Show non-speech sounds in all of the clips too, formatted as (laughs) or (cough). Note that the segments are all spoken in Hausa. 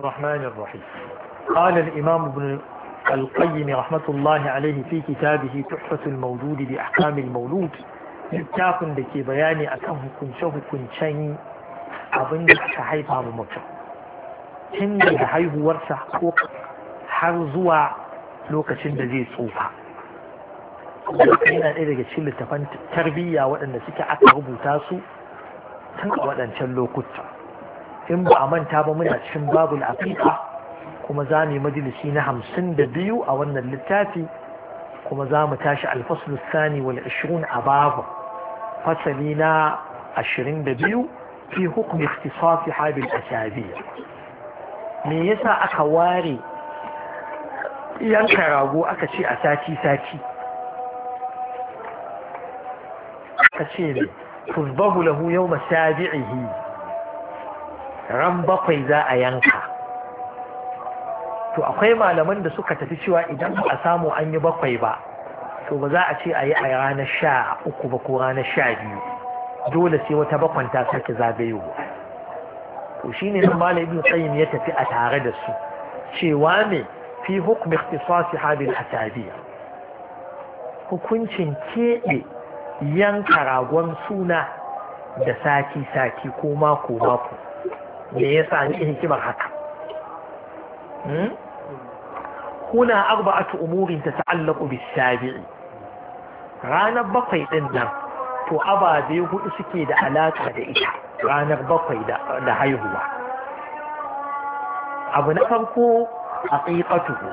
الرحمن الرحيم قال الإمام ابن rahmatullahi رحمة fi عليه في كتابه تحفة المولود بأحكام المولود littafin da ke bayani akan kan hukunce-hukuncen abin aka haifa wa mutum tun daga haihuwarsa ko har zuwa lokacin da zai tsufa yana ɗaya daga cikin littafan tarbiyya waɗanda suke aka rubuta su tun a waɗancan lokuta in ba a manta ba muna cikin babul aqiqa kuma za mu yi majalisi na hamsin da biyu a wannan littafi kuma za mu tashi alfasul sani wal ashirin a babu fasali na ashirin da biyu fi hukum ikhtisafi habil asabiya me yasa aka ware yanka rago aka ce a sati sati aka ce ne tuzbahu lahu yawma sabi'ihi ran bakwai za a yanka to akwai malaman da suka tafi cewa idan ba a samu an yi bakwai ba to ba za a ce a yi a ranar sha uku ba ko ranar sha biyu dole sai wata bakwan ta sake zagayo to shine nan malam ibn tsayin ya tafi a tare da su cewa ne fi hukm ikhtisas habin a hukuncin keɓe yanka ragon suna da sati-sati ko mako-mako me ya sami hikimar haka hmm? huna arba'atu umurin ta ta'allaqu bis ranar bakwai ɗin nan to ababe hudu suke da alaƙa da ita ranar bakwai da haihuwa abu na farko a aqiqatuhu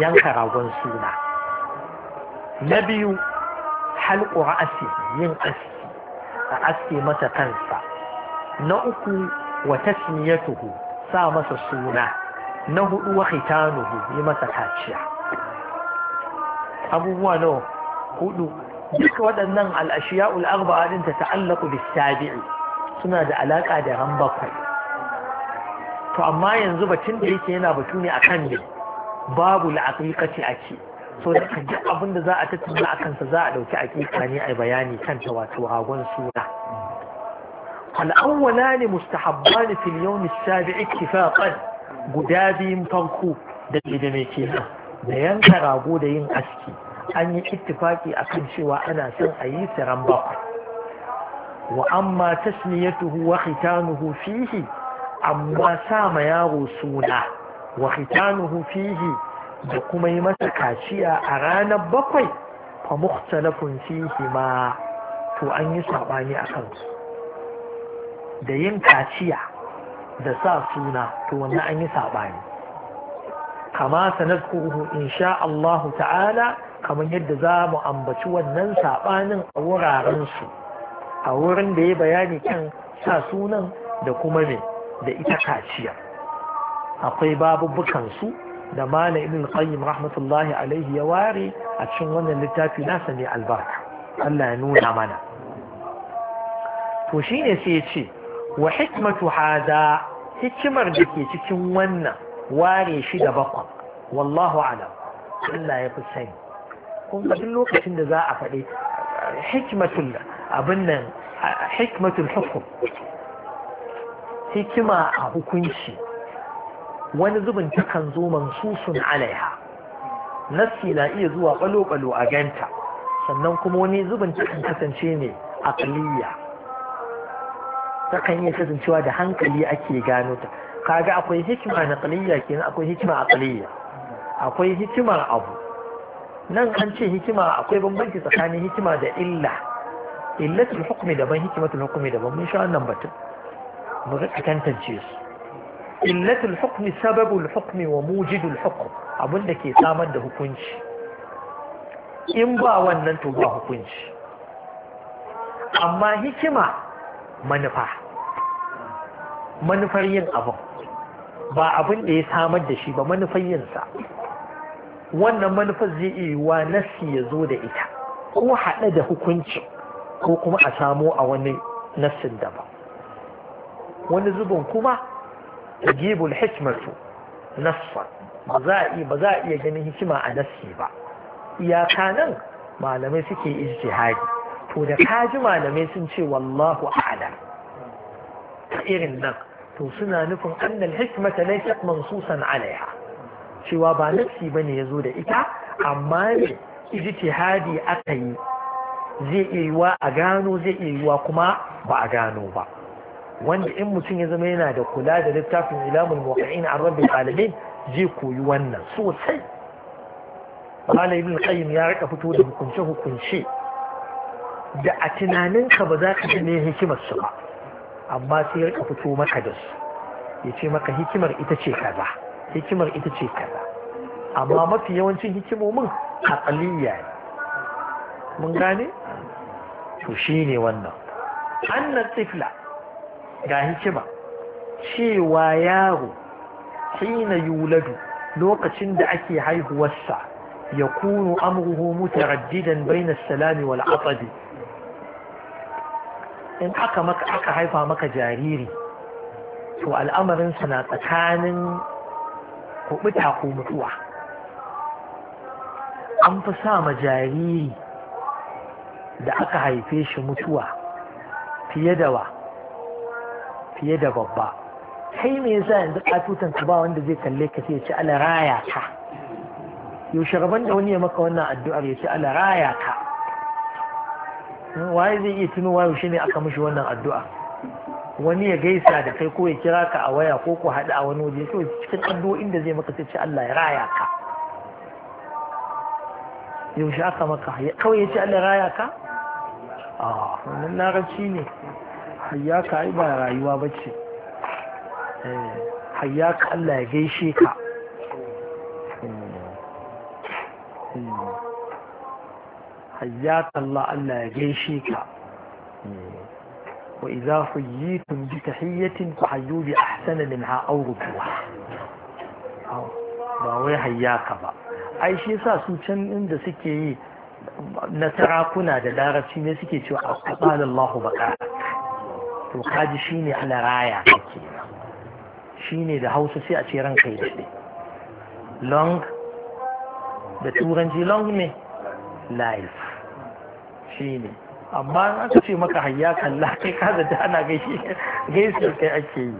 yanka ragon suna na biyu halqu ra'si yin aski a aske masa kansa na uku wa tasmiyatuhu sa masa suna na hudu wa khitanuhu yi masa kaciya abubuwa nawa hudu duka waɗannan al'ashiya'ul arba'a ta ta'allaku bisabi'i suna da alaka da ran bakwai to amma yanzu batun da yake yana batu ne akan ne babu la'aqiqati ake so da duk abin da za a tattauna akan sa za a dauki aqiqa ne a bayani kanta wato hagon suna al'awwala ne mustahabba ne fil yawmi sabi'i kifaqan guda biyun farko da da mai ke da yanka rago da yin aski an yi ittifaki akan cewa ana son a yi ran bakwai wa amma tasniyatuhu wa khitanuhu fihi amma sa ma yaro suna wa khitanuhu fihi da kuma yi masa kaciya a ranar bakwai fa mukhtalafun fihi ma to an yi sabani akan su da yin kaciya da sa suna to wannan an yi saɓani kama in insha Allahu ta'ala kamar yadda za mu ambaci wannan saɓanin a wuraren su, a wurin da ya bayani kan sa sunan da kuma ne da ita kaciya akwai babubukansu da mana ibn qayyim rahmatullahi alaihi ya ware a cikin wannan littafi nasa ne albarka Allah ya nuna mana to shine sai ya ce wa hikmatu hada hikimar da ke cikin wannan ware shi da bakwa wallahu alam Allah ya fi sani kuma duk lokacin da za a faɗi hikmatul abin nan hikmatul hukum hikima a hukunci wani zubin takan zo mansusun alaiha nassi na iya zuwa balo-balo a ganta sannan kuma wani zubin takan kasance ne a kaliya. takan iya kasancewa da hankali ake gano ta kaga akwai hikima na kaliya kenan akwai hikima a kaliya akwai hikimar abu nan an ce hikima akwai bambanci tsakanin hikima da illa illatul hukmi daban hikimatul hukmi daban mun sha wannan batun mu ga tantance su illatul hukmi sababul hukmi wa mujidul hukm abinda ke samar da hukunci in ba wannan to ba hukunci amma hikima manufa manufar yin abin ba abin da ya samar da shi ba manufar yinsa wannan manufar zai iya yiwuwa nasi ya zo da ita ko haɗe da hukunci ko kuma a samo a wani nassin daban wani zubin kuma gibul hikmatu nassar ba za a iya ganin hikima a nassi ba iyaka nan malamai suke ijtihadi to da kaji malamai sun ce wallahu a'lam irin nan to suna nufin annal hikmata laysat mansusan alaiha cewa ba nafsi bane yazo da ita amma ne ijtihadi aka yi zai iya a gano zai iya kuma ba a gano ba wanda in mutum ya zama yana da kula da littafin ilamul muwaqqi'in an rabbil alamin zai koyi wannan sosai Malam Ibn Qayyim ya rika fito da hukunce hukunce da a tunaninka ba za ka ji ne hikimar su ba amma sai ya fito maka da su ya ce maka hikimar ita ce kaza hikimar ita ce kaza amma mafi yawancin hikimomin haƙaliya ne mun gane to shi ne wannan annan tifla ga hikima cewa yaro hina yuladu lokacin da ake haihuwarsa ya kunu amruhu mutaraddidan bainas salami wal aqdi in aka maka aka haifa maka jariri to al'amarinsa na tsakanin kubuta ko mutuwa an fi sa ma jariri da aka haife shi mutuwa fiye da wa fiye da babba kai me yasa yanzu katutan ka ba wanda zai kalle ka sai ya ci ala raya ta? yaushe rabon da wani ya maka wannan addu'ar ya ci ala raya ta? waye zai iya tunowa yaushe ne aka mishi wannan addu'a wani ya gaisa da kai ko ya kira ka a waya ko ku haɗu a wani waje to cikin addu'o'in da zai maka sai ce Allah ya raya ka yaushe aka maka kawai ya ce Allah ya raya ka ah wannan larabci ne hayyaka ai ba rayuwa bace eh, hayyaka Allah ya gaishe ka hayyaka Allah Allah ya gaishe ka wa idza huyitum bi tahiyyatin fahayyu bi ahsana minha aw rudduha ba wai hayyaka ba ai shi yasa su can inda suke yi na sarakuna da larabci ne suke cewa aqbal Allahu baka to kaji shine ala raya kake shine da Hausa sai a ce ranka yi long da turanci long ne life shi ne amma aka ce maka hanya kalla kai ka zata ana gaishe kai ake yi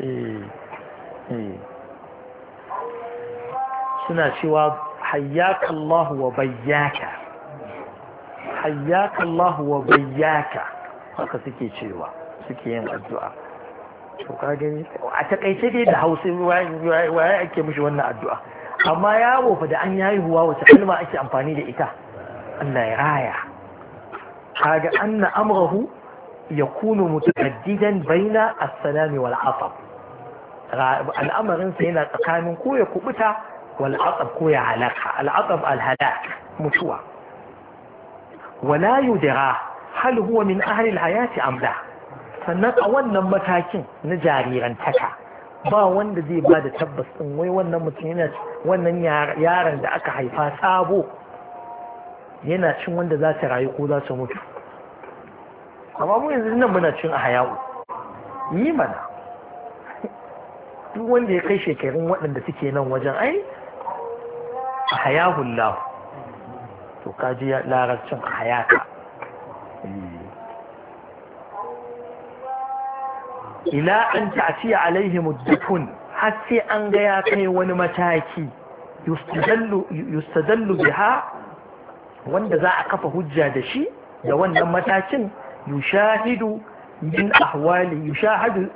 eh, eh. suna cewa hayyaka Allah wa bayyaka hayyaka Allah wa bayyaka haka suke cewa suke yin addu'a to ka gani a takaice dai da hausa waye ake mishi wannan addu'a amma yawo fa da an yayi huwa wata kalma ake amfani da ita Allah ya raya kaga anna amrahu yakunu mutaddidan baina as-salami wal atab al'amarin sa yana tsakanin ko ya kubuta wal atab ko ya halaka al al halak mutuwa wala Yudira hal huwa min ahli al hayati am la sannan a wannan matakin na jarirantaka ba wanda zai ba da tabbas ɗin wai wannan mutum yana wannan yaron da aka haifa sabo yana cin wanda za ta rayu ko za ta mutu amma mu yanzu nan muna cin a hayawu yi mana duk wanda ya kai shekarun waɗanda suke nan wajen ai a hayahu lahu to kaji ya larabcin a hayaka eh. ila an ta'tiya alaihi Dufun har sai an ga ya kai wani mataki yustadallu biha wanda za a kafa hujja da shi da wannan matakin Mushahidu min ahwali yushahadu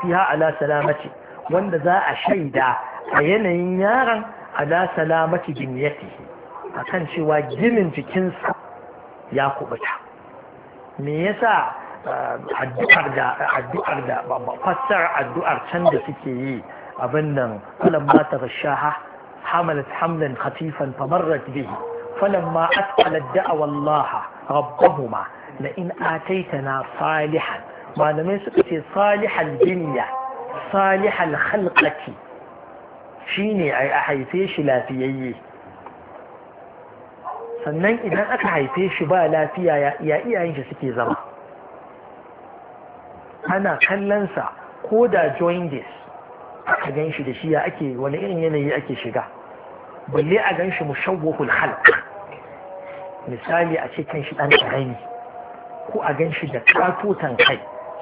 fiha ala salamati wanda za a shaida a yanayin yaron ala salamati jinyatihi akan cewa ginin cikinsa ya kubuta me yasa eh, addu'ar da addu'ar da fassar addu'ar can da suke yi abin nan falamma tagashaha hamalat hamlan la in ataitana salihan malamai suka ce salihal binya salihal khalqati shine a haife shi lafiyayye sannan idan aka haife shi ba lafiya ya iyayen shi suke zama ana kallonsa ko da jaundice aka gan shi da shi ya ake wani irin yanayi ake shiga balle a gan shi mushawwahul halq misali a ce kan shi ɗan karami ko a gan shi da katutan kai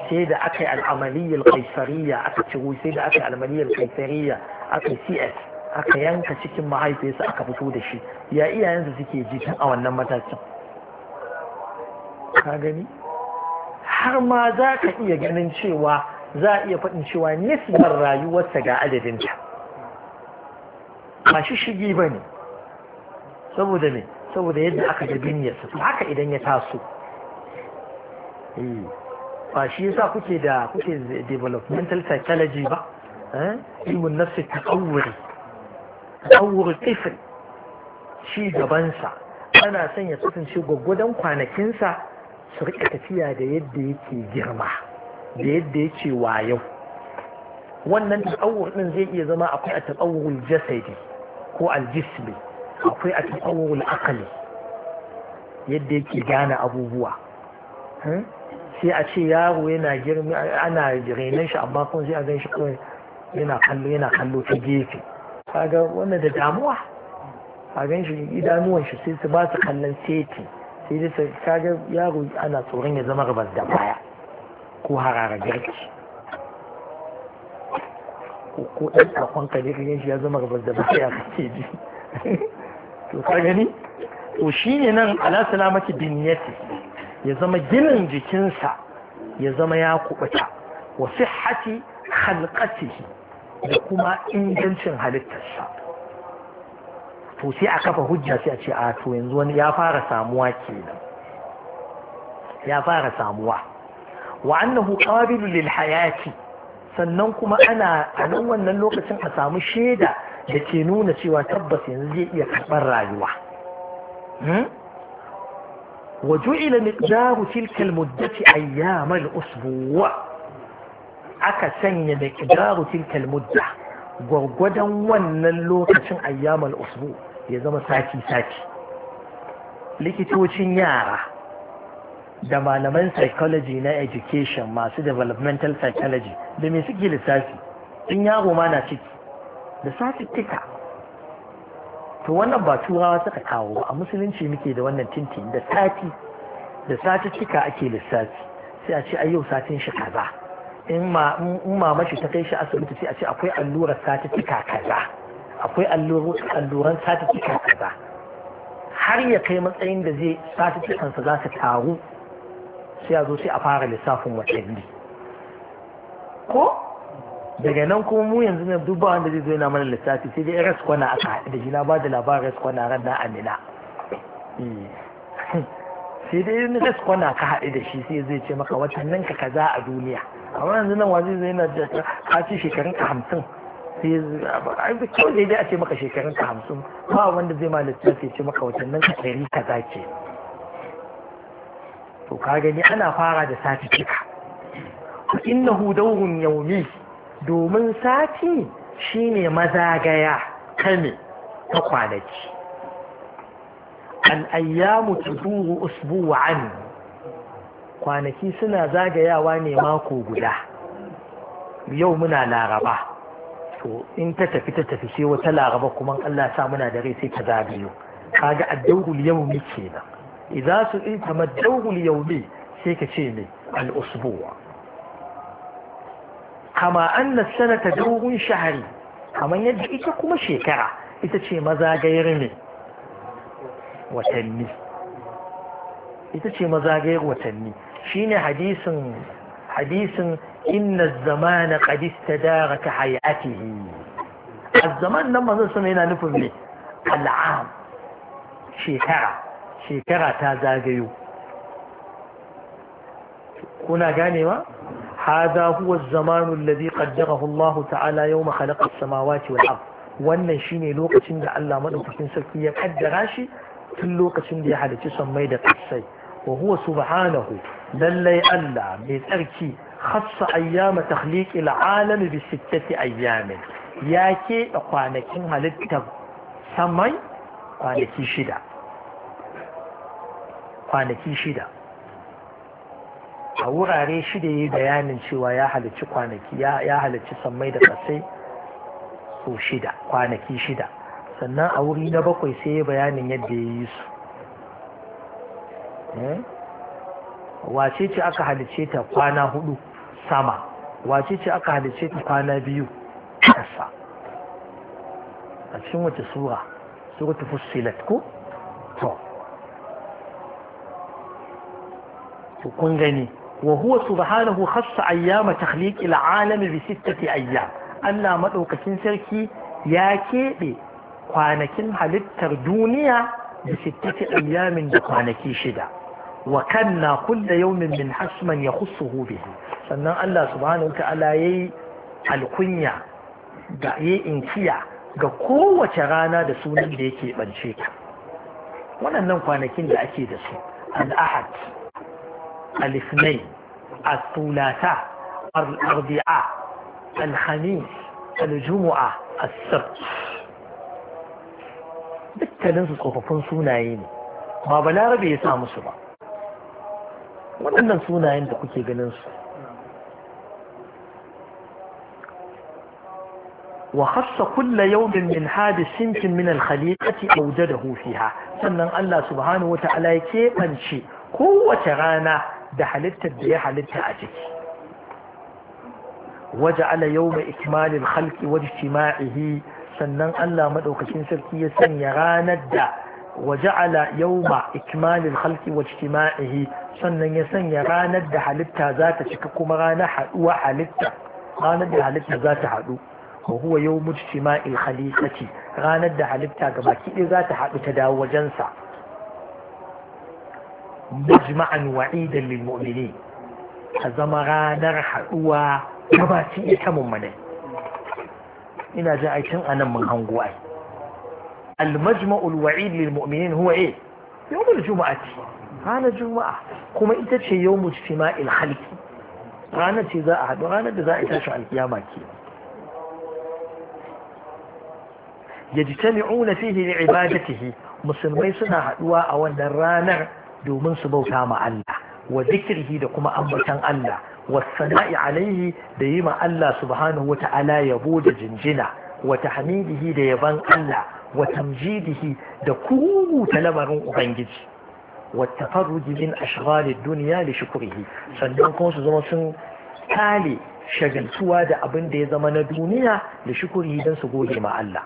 sai da aka yi al'amaliyyar kaisariya aka ciro sai da aka yi al'amaliyyar kaisariya aka yi cs aka yanka cikin mahaifiyarsa aka fito da shi ya iyayensa suke ji tun a wannan matakin ka gani har ma za ka iya ganin cewa za a iya faɗin cewa nisbar rayuwarsa ga adadinta ba shi shigi ba ne saboda ne saboda yadda aka ga biniyarsa haka idan ya taso Eh. ba shi yasa kuke da kuke developmental psychology ba eh? ilmin nafsi tasawuri tasawuri tifin ci gabansa ana son ya kasance gwaggwadon sa su rika tafiya da yadda yake girma da yadda yake wayo wannan tasawur din zai iya zama akwai a tasawurul jasadi ko aljismi akwai a tasawurul akali yadda yake gane abubuwa hmm? sai a ce yaro yana girma ana renon shi amma kun sai a gan shi kawai yana kallo yana kallo ta gefe kaga wannan da damuwa a gan shi idanuwan shi sai su ba su kallon seti sai dai kaga yaro ana tsoron ya zama rabas da baya ko harara garki ko ɗan ɗakon ka gan shi ya zama rabas da baya ce ji (laughs) to ka gani to shine nan ala salamati binniyati ya zama ginin jikinsa ya zama ya kubuta wa sihhati khalqatihi da kuma ingancin halittarsa to sai a kafa hujja sai a ce a to yanzu wani ya fara samuwa kenan ya fara samuwa wa annahu qabilu lil hayati sannan kuma ana a nan wannan lokacin a samu shaida da ke nuna cewa tabbas yanzu zai iya karɓar rayuwa hmm? وجعل مقدار تلك المدة أيام الأسبوع أكسن مقدار تلك المدة gwargwadon wannan lokacin ayyamal usbu ya zama sati-sati likitocin yara da malaman psychology na education masu developmental psychology da mai suke lissafi in yaro ma na ciki da sati to wannan ba turawa suka kawo ba a musulunci muke da wannan tintin da sati da sati cika ake lissafi sai a ce a yau satin shi kaza in ma mashi ta kai shi asibiti sai a ce akwai allurar sati cika kaza akwai alluran sati cika kaza har ya kai matsayin da zai sati cikansa za su taru sai a zo sai a fara lissafin watanni ko daga nan kuma mu yanzu na duk ba wanda zai zo yana mana lissafi sai dai ras kwana aka haɗu da shi na ba da labarin ras kwana ran na amina eh. (laughs) sai dai yin ras kwana ka haɗu da shi sai zai ce maka nan ka kaza a duniya amma yanzu nan wa zai zo yana da kaci shekarun ka hamsin sai ai da kyau zai dai a ce maka shekarun ka hamsin ba wanda zai ma lissafi ce maka watannin ka ɗari kaza ke to ka gani ana fara da sati cika innahu dawrun yawmi domin sati shine mazagaya kame ta kwanaki al'ayyamu tuduru usbu wa kwanaki suna zagayawa ne mako guda yau muna laraba to in ta tafi ta tafi sai wata laraba kuma Allah sa muna da rai sai ta ga kaga yau yawmi kenan Iza su ilta maddaurul yawmi sai ka ce ne al usbu kama anna sanata dogon shahari kamar yadda ita kuma shekara ita ce mazagayar ne watanni ita ce mazagayar watanni shine hadisin hadisin inna zamana qad dara ka hayatihi zaman nan manzon sama yana nufin ne al'am shekara shekara ta zagayo kuna ganewa هذا هو الزمان الذي قدره الله تعالى يوم خلق السماوات والأرض wannan shine lokacin da Allah madaukakin sarki ya kaddara shi tun lokacin da ya halicci sammai da ƙasai wa huwa subhanahu lallai Allah mai tsarki khassa ayyama takhliqil alam bi sittati ayyamin ya ke kwanakin halittar samai kwanaki shida kwanaki shida a wurare shida yi bayanin cewa ya halarci kwanaki ya halarci sammai da kasai so shida kwanaki shida sannan a wuri na bakwai sai ya bayanin yadda ya yi su eh? wace ce aka halice ta kwana hudu sama wace ce aka halice ta kwana biyu ƙasa a cikin wace sura suratu fussilat ko to kun gani وهو سبحانه خص أيام تخليق العالم بستة أيام ألا مدوك sarki يا كيبي kwanakin halittar duniya da sittati ayyamin da kwanaki shida wa kanna kulla yawmin min hasman ya khussuhu bihi sannan Allah subhanahu ta'ala yayi alkunya da yayi inkiya ga kowace rana da sunan da yake bance ta waɗannan kwanakin da ake da su al-ahad الاثنين الثلاثاء الاربعاء الخميس الجمعه السبت dukkaninsu tsofaffin sunaye ne ba balarabe ya sa musu ba waɗannan sunayen da kuke ganin su wa hassa kulla yaumin min hadisin kin min alhaliƙati a wuje da hufiha sannan allah subhanahu wa ta'ala ya kebance kowace rana da halittar da ya halitta a ciki waje ala yau mai ikimalin halki wajen shima'ihi sannan Allah maɗaukakin sarki ya sanya ranar da waje ala yau ma ikimalin halki wajen shima'ihi sannan ya sanya ranar da halitta za ta cika kuma ranar haɗuwa halitta ranar da halitta za ta haɗu وهو يوم اجتماع الخليقة رانا الدعالبتا قباكي إذا تحقق تداوجنسا مجمعا وعيدا للمؤمنين حزم غانر حقوة كباتي إحم من إنا جاءتين أنا من هنقوائي المجمع الوعيد للمؤمنين هو إيه يوم الجمعة غانا جمعة كما إتتش يوم اجتماع الخلق غانا تزاء أحد غانا تزاء إتتش القيامة يجتمعون فيه لعبادته مسلمين سنة حقوة الرانر domin su bauta ma Allah wa zikirhi da kuma ambatan Allah wasana'i alaihi da yi ma Allah subhanahu ta'ala yabo da jinjina wa tahmidihi da yaban Allah wa tamjidihi da ta lamarin ubangiji wa tafarruji min ashghalid duniya li shukrihi sannan kuma su zama sun kale shagaltuwa da abin da ya zama na duniya da shukuri don su goge ma Allah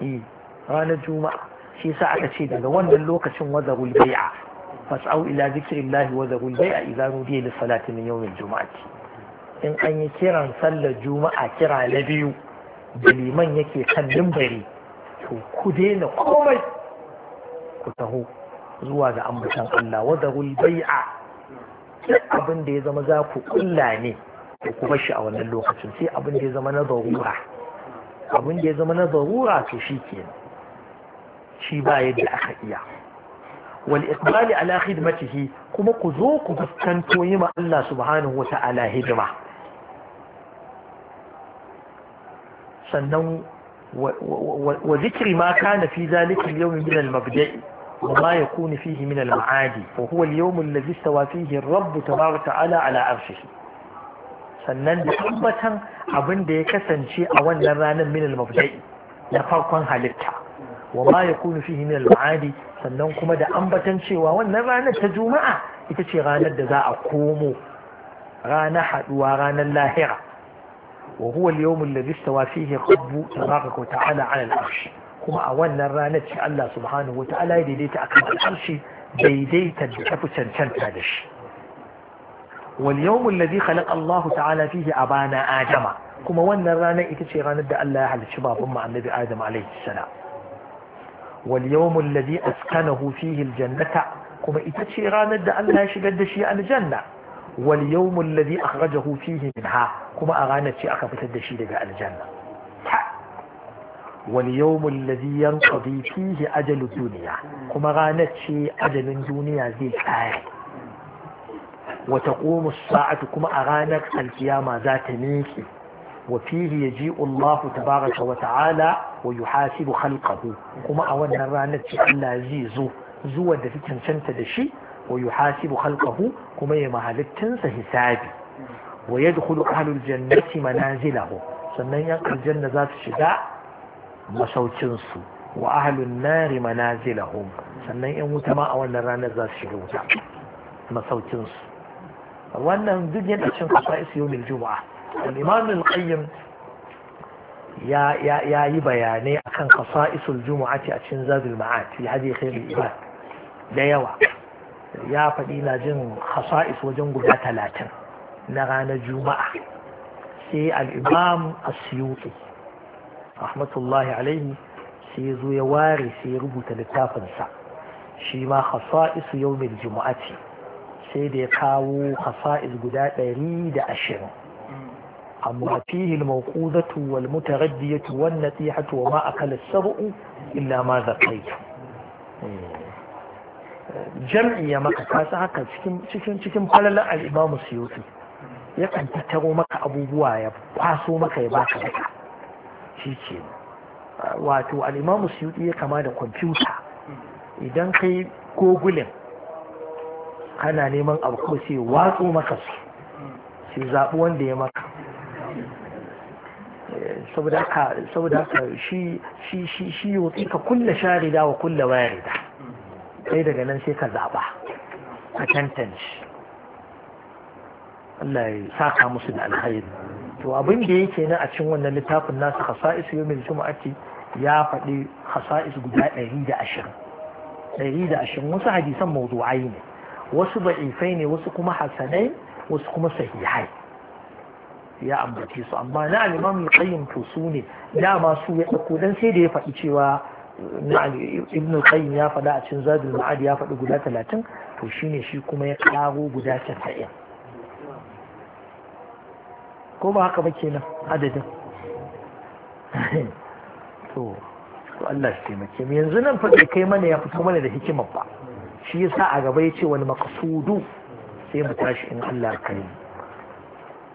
eh, ranar juma'a shi sa aka ce daga wannan lokacin wazarul bai'a fas'au ila lahi wa zarul bai'a idza nudiya juma'a salati min juma'a in an yi kiran sallar juma'a kira na biyu da liman yake kan dimbari to ku daina komai ku taho zuwa ga ambatan Allah wa zarul bai'a duk abin da ya zama za ku kulla ne to ku bashi a wannan lokacin sai abin da ya zama na zarura abin da ya zama na zarura to shi kenan shi ba yadda aka iya wal iqbali ala khidmatihi kuma ku zo ku gaskanto yi ma Allah subhanahu wa ta'ala hidima sannan wa zikri ma kana fi zalika al-yawm min al-mabda'i وما يكون فيه من المعادي وهو اليوم الذي استوى فيه الرب تبارك Ta'ala Ala عرشه sannan da tabbatan abin da ya kasance a wannan ranar min al-mabda'i na farkon halitta wa ma yakunu fihi min maadi sannan kuma da ambatan cewa wannan ranar ta juma'a ita ce ranar da za a komo ranar haduwa ranar lahira wa huwa al-yawm alladhi istawa fihi rabbu tabaraka wa ta'ala 'ala al-arsh kuma a wannan ranar ce Allah subhanahu wa ta'ala ya daidaita akan al-arshi daidaita da tafi cancanta da shi واليوم الذي خلق الله تعالى Adama. Kuma wannan ranar ita ce ranar da Allah ya على الشباب أم annabi adam عليه السلام wal yawmul ladhi askanahu fihi aljannata kuma ita ce ranar da Allah ya shigar da shi aljanna wal yawmul ladhi akhrajahu fihi minha kuma a ranar ce aka fitar da shi daga aljanna wal yawmul ladhi yanqadi fihi ajalu duniya, kuma ranar ce ajalin duniya zai tsare wa taqumu as-sa'atu kuma a ranar alkiyama za ta miƙe وفيه يجيء الله تبارك وتعالى ويحاسب خلقه كما أولا رانت ألا زيزو زوى دفتن سنت دشي ويحاسب خلقه كما يمهل تنسى حسابي ويدخل أهل الجنة منازله سنن الجنة ذات الشداء مسوتنسو وأهل النار منازلهم سنن يموت ما أولا رانت ذات الشداء مسوتنسو wannan duk yadda cin kasa isi yau mil juma'a al'imamin ƙayyar ya yi bayanai a kan kasa isul a cikin zazil ma'ati hadi khairul ibad da yawa ya faɗi na jin kasa wajen guda talatin na ranar juma'a sai al'imam asiyuki rahmatullahi alaihi sai zo ya ware sai ya rubuta littafinsa shi ma kasa isu yau sai da ya kawo kasa guda ɗari da ashirin أما فيه الموقوذة والمتردية والنتيحة وما أكل السبع إلا ما ذقيت جمعية مكة كاسا haka cikin falalar al'imamu siyoti yakan tattaro maka abubuwa ya kwaso maka ya baka daga wato al'imamu siyoti ya kama da kwamfuta idan kai gogulin kana neman abu ko sai watso maka su sai zaɓi wanda ya maka saboda haka saboda haka shi shi shi shi yotsi ka kulla sharida wa kulla warida sai daga nan sai ka zaba ka tantance Allah ya saka musu da alkhairi to abin da yake nan a cikin wannan littafin nasu khasa'is yawmil jumu'ati ya faɗi khasa'is guda 120 120 wasu hadisan mawdu'ai ne wasu ba'ifai ne wasu kuma hasanai wasu kuma sahihai ya ambace su amma na al qayyim to su ne dama su ya dauko dan sai da ya faɗi cewa eh, na ibn qayyim ya faɗa a cikin zadul ma'ad ya faɗi guda 30 to shine shi kuma ya kawo guda 90 ko ba haka ba kenan adadin (laughs) to to Allah shi taimake mu yanzu nan faɗi kai mana ya fito mana da hikimar ba shi yasa a gaba yace wani maqsudu sai mu tashi in Allah kai